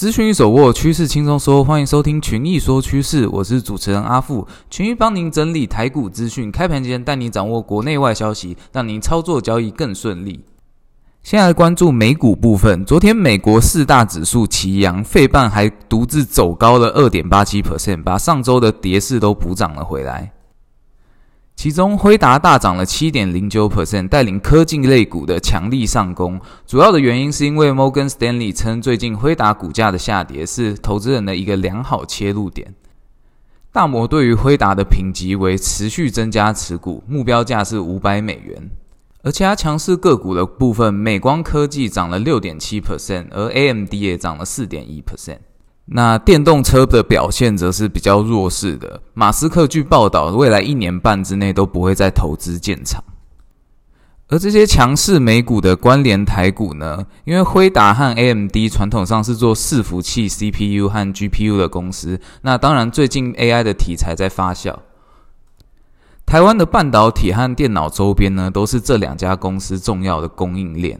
資訊一手握，趨勢輕鬆說。歡迎收聽群益說趨勢，我是主持人阿富。群益幫您整理台股資訊，開盤前帶您掌握國內外消息，讓您操作交易更順利。先來關注美股部分，昨天美國四大指數齊揚，費半還獨自走高了二點八七 percent，把上周的跌勢都補漲了回來。其中輝達，輝達大漲了七點零九 percent，帶領科技類股的強力上攻。主要的原因是因為 Morgan Stanley 稱，最近輝達股價的下跌是投資人的一個良好切入點。大摩對於輝達的評級為持續增加持股，目標價是五百美元。而其他強勢個股的部分，美光科技漲了六點七 percent，而 AMD 也漲了四點一 percent。那電動車的表現則是比較弱勢的。馬斯克據報道，未來一年半之內都不會再投資建廠。而這些強勢美股的關聯台股呢，因為輝達和 AMD 傳統上是做伺服器 CPU 和 GPU 的公司，那當然最近 AI 的題材在發酵，台灣的半導體和電腦周邊呢，都是這兩家公司重要的供應鏈。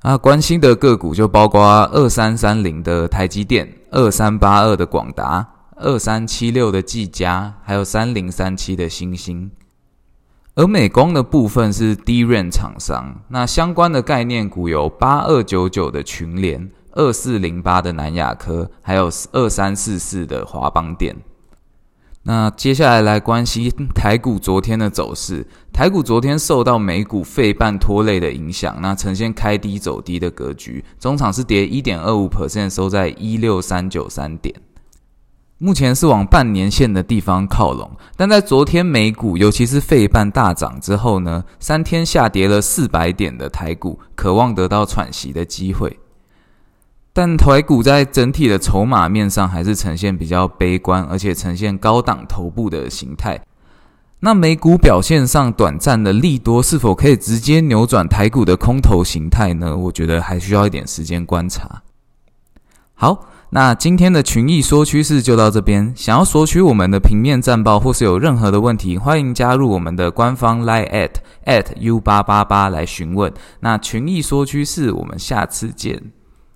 啊，關心的個股就包括二三三零的台積電、二三八二的廣達、二三七六的技嘉，還有三零三七的欣興。而美光的部分是 DRAM 廠商，那相關的概念股有八二九九的群聯、二四零八的南亞科，還有二三四四的華邦電。那接下來來關心台股昨天的走勢。台股昨天受到美股費半拖累的影響，那呈現開低走低的格局，中場是跌一點二五 percent，收在一六三九三點。目前是往半年線的地方靠攏，但在昨天美股尤其是費半大漲之後呢，三天下跌了四百點的台股，渴望得到喘息的機會。但台股在整體的籌碼面上還是呈現比較悲觀，而且呈現高檔頭部的形態。那美股表現上短暫的利多，是否可以直接扭轉台股的空頭形態呢？我覺得還需要一點時間觀察。好，那今天的群益說趨勢就到這邊。想要索取我們的平面戰報，或是有任何的問題，歡迎加入我們的官方 Line at at u 八八八來詢問。那群益說趨勢，我們下次見。